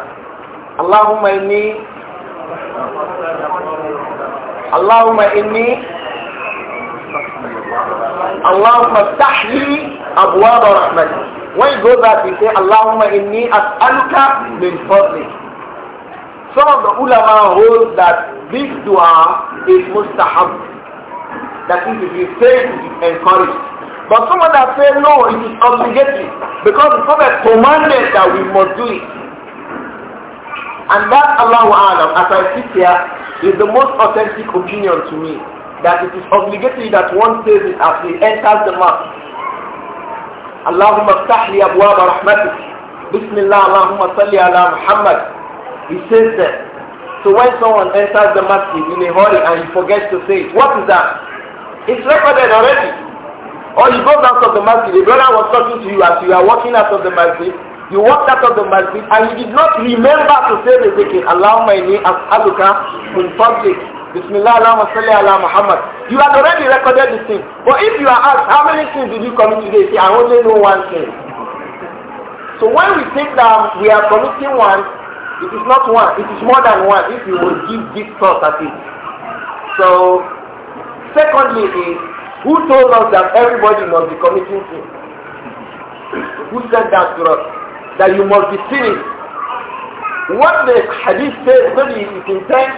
Allahumma inni, Allahumma inni Allahumma stahli wa rahmati. When you go back, you say, Allahumma inni as'aluka min fadli. Some of the ulama hold that this dua is mustahab. That is, if you say it, it is encouraged. But some others say, no, it is obligatory. Because the Prophet commanded that we must do it. And that, Allahu Alam, as I sit here, is the most authentic opinion to me that it is obligatory that one says it as he enters the mosque. اللهم افتح لي أبواب Bismillah, بسم الله He says that. So when someone enters the masjid in a hurry and he forgets to say it, what is that? It's recorded already. Or oh, he goes out of the masjid, the brother was talking to you as you are walking out of the masjid, you walked out of the masjid and you did not remember to say the zikr, Allahumma inni as'aluka min fadlik Bismillah Allahumma salli ala Muhammad. You had already recorded the thing. But if you are asked, how many things did you commit today? Say, I only know one thing. So when we think that we are committing one, it is not one, it is more than one if you will give deep thought at it. So, secondly is, who told us that everybody must be committing sin? Who said that to us? That you must be sinning. What the hadith says, maybe that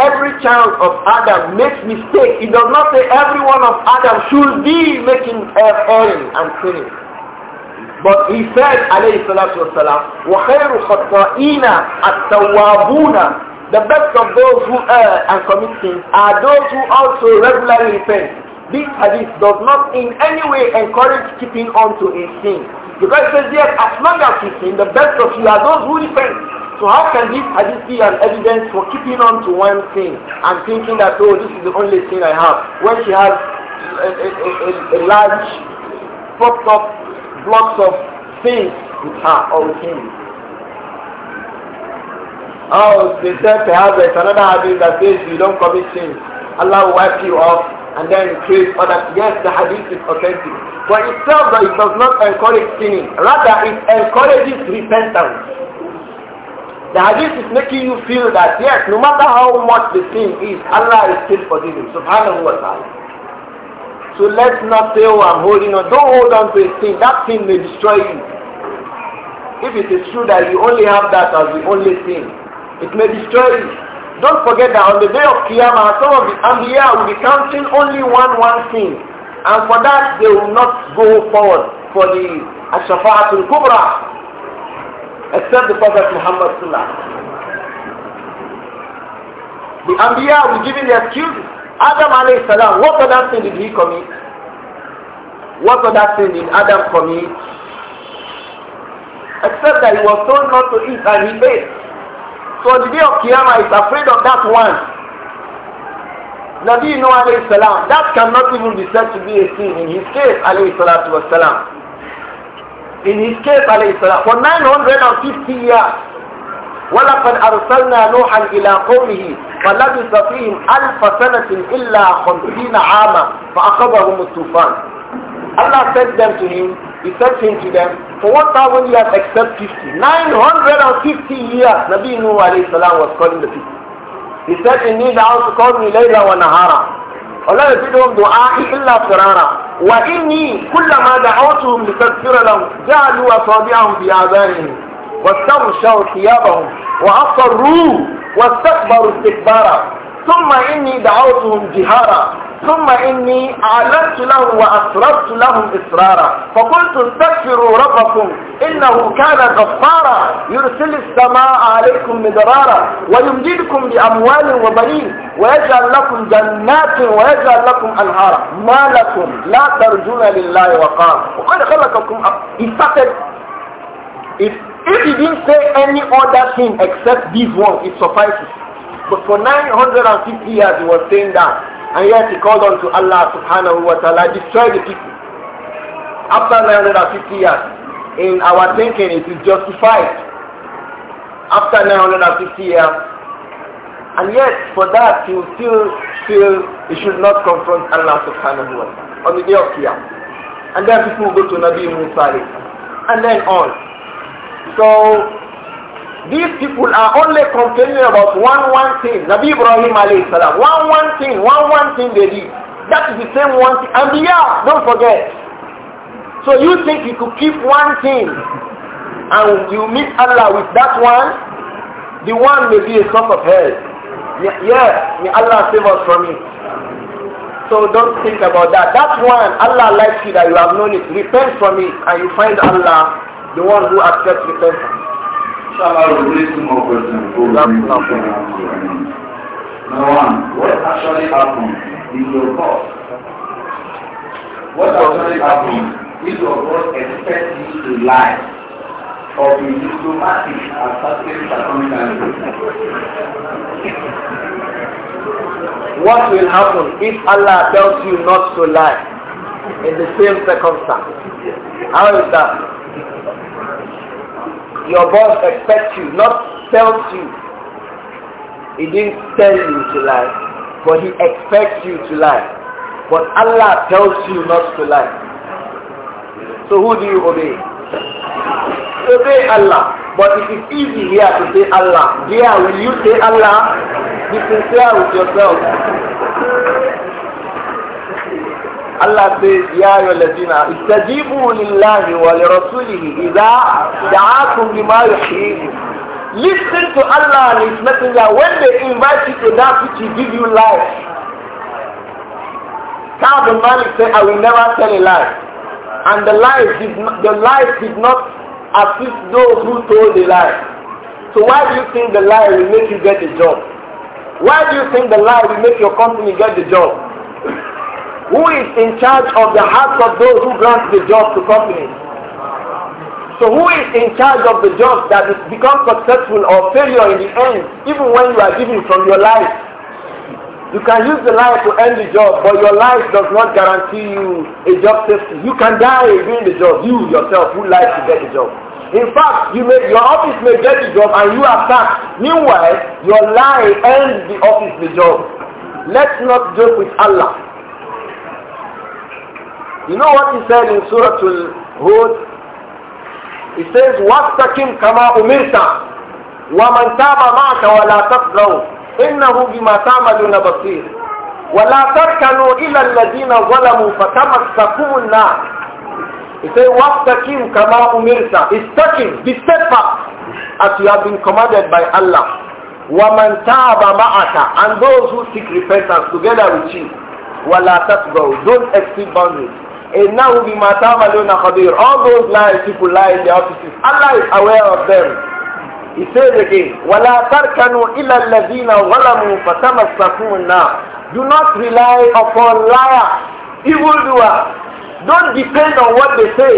every child of Adam makes mistake. It does not say every one of Adam should be making erring uh, and sinning. But he said, alayhi salatu wasalam, وَخَيْرُ at التَّوَّابُونَ The best of those who err and commit sins are those who also regularly repent. This hadith does not in any way encourage keeping on to a sin. The guy says, yes, as long as you sin, the best of you are those who repent. So how can this hadith be an evidence for keeping on to one thing and thinking that, oh, this is the only thing I have, when she has a, a, a, a large, propped up blocks of things with her or with him? Oh, they said perhaps there's another hadith that says you don't commit sins. Allah will wipe you off and then praise others. Yes, the hadith is authentic. But it tells that it does not encourage sinning. Rather, it encourages repentance. The hadith is making you feel that yes, no matter how much the sin is, Allah is still forgiving. Subhanahu wa ta'ala. So let's not say, oh, I'm holding on. Don't hold on to a sin. That sin may destroy you. If it is true that you only have that as the only sin, it may destroy you. Don't forget that on the day of Qiyamah, some of the Anbiya will be counting only one one thing. And for that, they will not go forward for the Ash-Shafa'atul Kubra, except the Prophet Muhammad Sallallahu The Anbiya will give him the excuse. Adam alayhi salam, what other sin did he commit? What other sin did Adam commit? Except that he was told not to eat and he ate on the day of Qiyamah is afraid of that one. Nabi Nuh alayhi salam, that cannot even be said to be a sin. In his case, alayhi salatu was salam. In his case, alayhi salam, for 950 years, وَلَقَدْ أَرْسَلْنَا نُوحًا إِلَىٰ قَوْمِهِ فَلَبِثَ فِيهِمْ أَلْفَ سَنَةٍ إِلَّا خَمْسِينَ عَامًا فَأَخَذَهُمُ الطُّوفَانُ Allah sent them to him, he sent him to them, For 1,000 years except 50. 950 years Nabi Nuh salam was calling the people. He said, إِنِّي دَعَوْتُ قَوْمِي لَيْلًا وَنَهَارًا ولا يزيدهم دعائي إلا فرارا وإني كلما دعوتهم لتغفر لهم جعلوا أصابعهم في آذانهم واستغشوا ثيابهم وأصروا واستكبروا استكبارا ثم إني دعوتهم جهارا ثم إني أعلنت لهم وأسررت لهم إسرارا فقلت استغفروا ربكم إنه كان غفارا يرسل السماء عليكم مدرارا ويمددكم بأموال وبنين ويجعل لكم جنات ويجعل لكم أنهارا ما لكم لا ترجون لله وقارا وقد خلقكم He If, if he didn't say any other thing except this one, it suffices. But for 950 years, he was saying that. And yet he called on to Allah subhanahu wa ta'ala, destroy the people. After 950 years, in our thinking it is justified. After 950 years, and yet for that he will still feel he should not confront Allah subhanahu wa ta'ala on the day of Qiyamah. And then people will go to Nabi Musa and then on. So these people are only complaining about one one thing. Nabi Ibrahim alayhi salam. One one thing, one one thing they did. That is the same one thing. And yeah, don't forget. So you think you could keep one thing and you meet Allah with that one? The one may be a source of hell. Yeah, yeah, may Allah save us from it. So don't think about that. That one, Allah likes you that you have known it. Repent from it and you find Allah, the one who accepts repentance. Several reasonable persons who That's not Number one, what actually happened is your boss. What actually happened is your boss expects you to lie or be diplomatic at certain circumstances. What will happen if Allah tells you not to lie in the same circumstance? How is that? Your boss expects you, not tells you. He didn't tell you to lie, but he expects you to lie. But Allah tells you not to lie. So who do you obey? Obey Allah. But it is easy here to say Allah. Dear, will you say Allah? Be sincere with yourself. Allah says, Ya ayyuhalladhina istajibu lillahi wa li rasulihi idha da'akum lima yuhyikum. Listen to Allah and His Messenger when they invite you to that which will give you life. Ka'b bin Malik said, I will never tell a lie. And the lie did not, the lies did not assist those who told the lie. So why do you think the lie will make you get a job? Why do you think the lie will make your company get the job? Who is in charge of the hearts of those who grant the job to companies? So who is in charge of the job that becomes successful or failure in the end, even when you are giving from your life? You can use the life to end the job, but your life does not guarantee you a job safety. You can die doing the job, you yourself who like to get the job. In fact, you may, your office may get the job and you are sacked. Meanwhile, your life ends the office the job. Let's not joke with Allah. You know what he said in Surah Al-Hud? He says, وَاسْتَكِمْ كَمَا أُمِرْتَ وَمَنْ تَابَ مَعَكَ وَلَا تَطْغَوْا إِنَّهُ بِمَا تَعْمَلُونَ بَصِيرٌ وَلَا تَرْكَنُوا إِلَى الَّذِينَ ظَلَمُوا فَتَمَسَّكُمُ النَّارُ He said, وَاسْتَكِمْ كَمَا أُمِرْتَ Istakim, be steadfast as you have been commanded by Allah. وَمَنْ تَابَ مَعَكَ And those who seek repentance together with you. وَلَا تَطْغَوْا Don't exceed boundaries. إنه بما تعملون خبير all those lies people lie in the offices Allah is aware of them he says again ولا تركنوا إلى الذين ظلموا فتمسكوا النار do not rely upon liars evildoers don't depend on what they say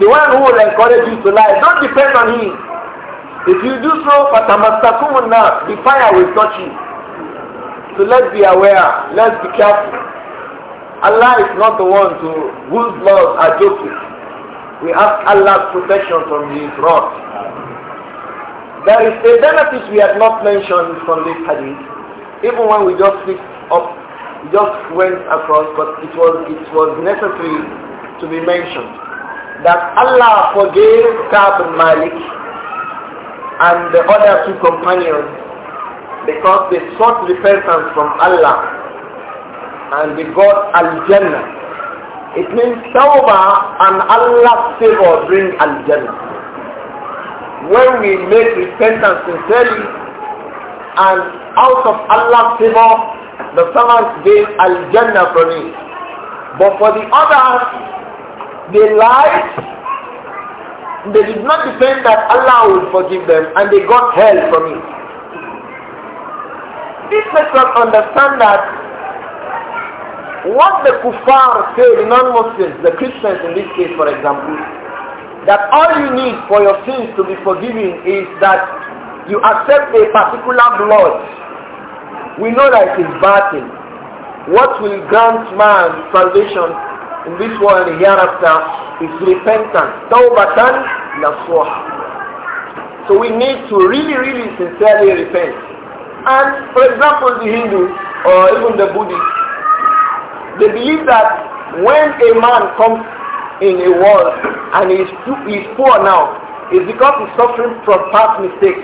the one who will encourage you to lie don't depend on him if you do so فتمسكوا النار the fire will touch you so let's be aware let's be careful Allah is not the one to whose laws are joking. We ask Allah's protection from his wrath. There is a benefit we have not mentioned from this hadith, even when we just picked up, just went across, but it was, it was necessary to be mentioned. That Allah forgave Ka'b Malik and the other two companions because they sought repentance from Allah and they got Al-Jannah. It means tawbah and Allah's favor bring Al-Jannah. When we make repentance sincerely and out of Allah's favor, the servants gain Al-Jannah from it. But for the others, they lied, they did not depend that Allah would forgive them and they got hell from it. This makes us understand that what the kuffar say, the non-Muslims, the Christians in this case for example, that all you need for your sins to be forgiven is that you accept a particular blood. We know that it is battle. What will grant man salvation in this world and hereafter is repentance. Tawbatan nasuha. So we need to really, really sincerely repent. And for example, the Hindus or even the Buddhists, they believe that when a man comes in a world and he is, too, is poor now, it's because he's suffering from past mistakes.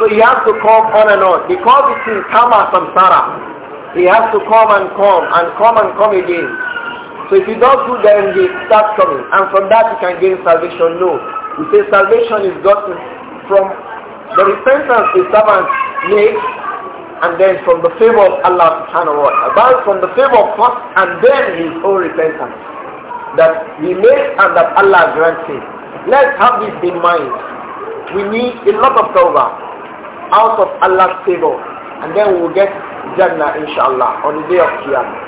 So he has to come on and on. Because it's in karma samsara, he has to come and come and come and come again. So if he does do then he starts coming. And from that he can gain salvation. No. We say salvation is gotten from the repentance the servant makes and then from the favor of Allah subhanahu wa ta'ala. But from the favor of first and then his own repentance. That he makes and that Allah grants Let's have this in mind. We need a lot of tawbah out of Allah's favor. And then we will get Jannah inshallah on the day of Qiyamah.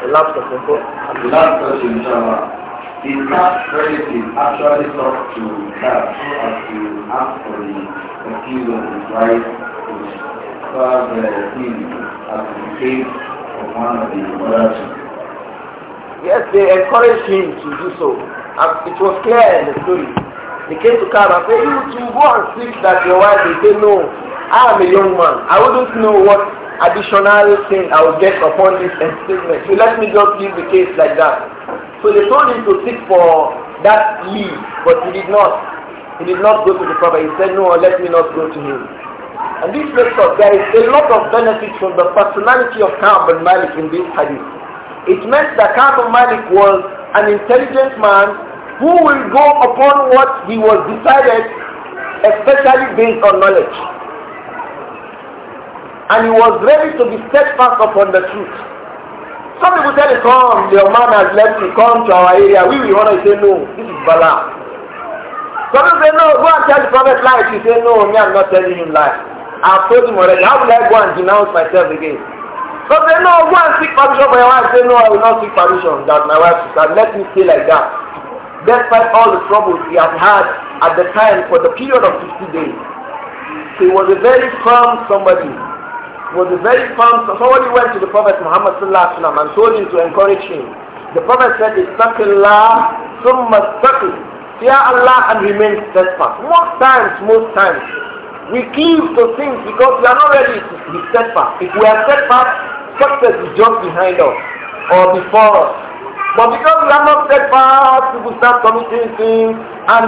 The last question, The last question, inshallah. Is that relative actually talk to that as you ask for the appeal of his right far serve him as the case of one of the brothers. Yes, they encouraged him to do so. And it was clear in the story. They came to Khan and said, you too, go and seek that your wife. They said, no, I am a young man. I wouldn't know what additional thing I would get upon this statement. So let me just leave the case like that. So they told him to seek for that leave, but he did not. He did not go to the Prophet. He said, no, let me not go to him. And this makes us, there is a lot of benefit from the personality of Ka'b bin Malik in this hadith. It meant that Ka'b bin Malik was an intelligent man who will go upon what he was decided, especially based on knowledge. And he was ready to be steadfast upon the truth. Some people tell him, come, your man has left you, come to our area. We will want to say, no, this is Bala. So they say, no, go and tell the prophet lies. You say, no, me, I'm not telling him lies. I've told him already. How will I go and denounce myself again? they say, no, go and seek permission for your wife. Say, no, I will not seek permission that my wife should have. Let me stay like that. Despite all the troubles he had had at the time for the period of 50 days, he was a very firm somebody was a very firm, somebody went to the Prophet Muhammad and told him to encourage him. The Prophet said, "Istaqillah, summa istaqil." fear Allah and remain steadfast. Most times, most times, we give to things because we are not ready to be steadfast. If we are steadfast, success is just behind us or before us. But because we are not steadfast, we will start committing things and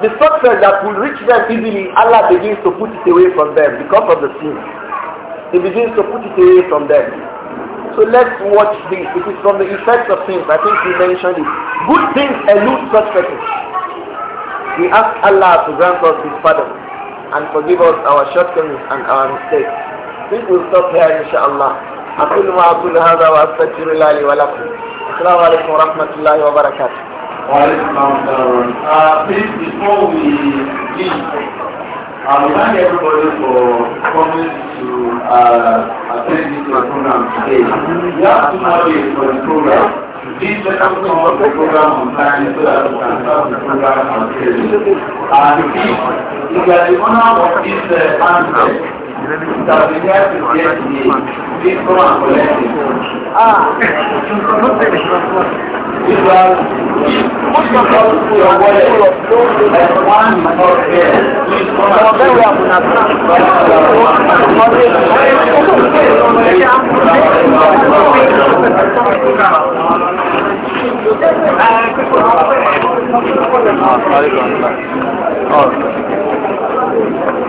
the success that will reach them easily, Allah begins to put it away from them because of the sin. He begins to put it away from them. So let's watch this. It is from the effects of things. I think we mentioned it. Good things elude such success. We ask Allah to grant us His pardon and forgive us our shortcomings and our mistakes. We will stop here inshallah. أقول ما أقول هذا وأستغفر الله لي ولكم. السلام عليكم ورحمة الله وبركاته. وعليكم uh, السلام Please before we leave, I would thank everybody for coming to uh, attend this program today. We have two more days for the program. These are some of the program on time so that we can start the program on schedule. And if you are the owner of this uh, handset, Oh, sorry, Oh,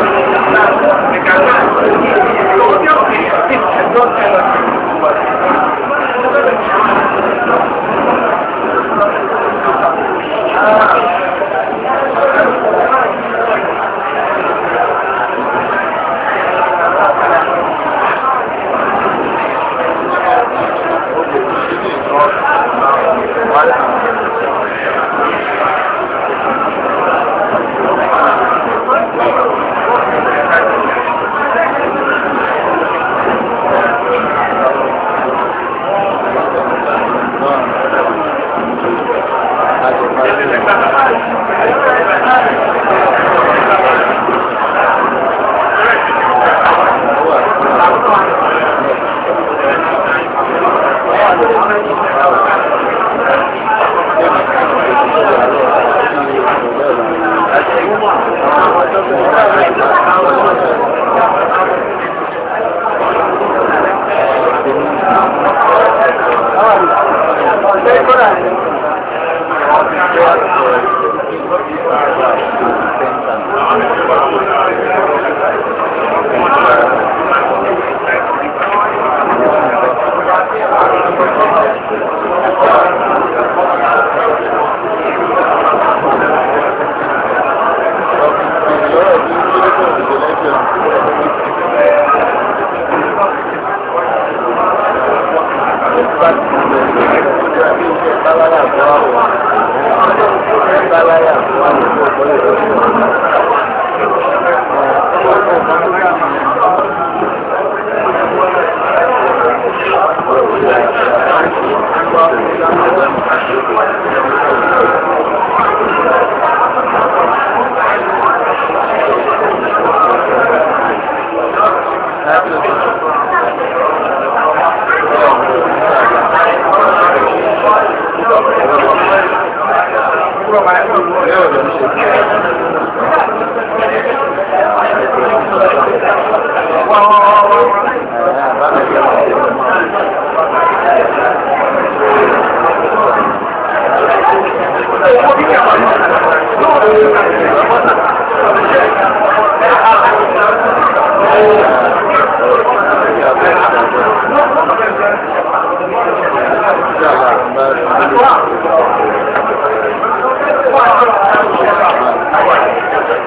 Wow.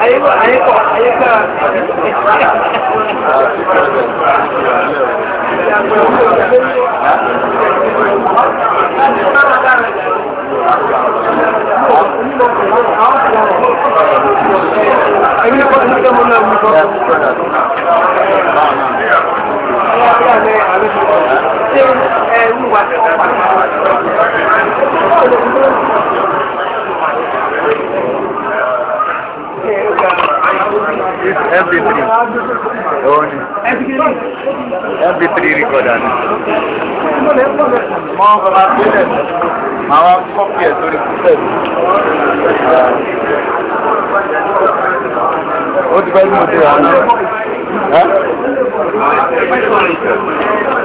ayíkọ̀ Thank you. MP3 òun ni MP3 recorder ni. mọ bàbá gbélé màá kọ́pì ẹ̀ sórí kúfẹ̀ ó ti fẹ́ mú un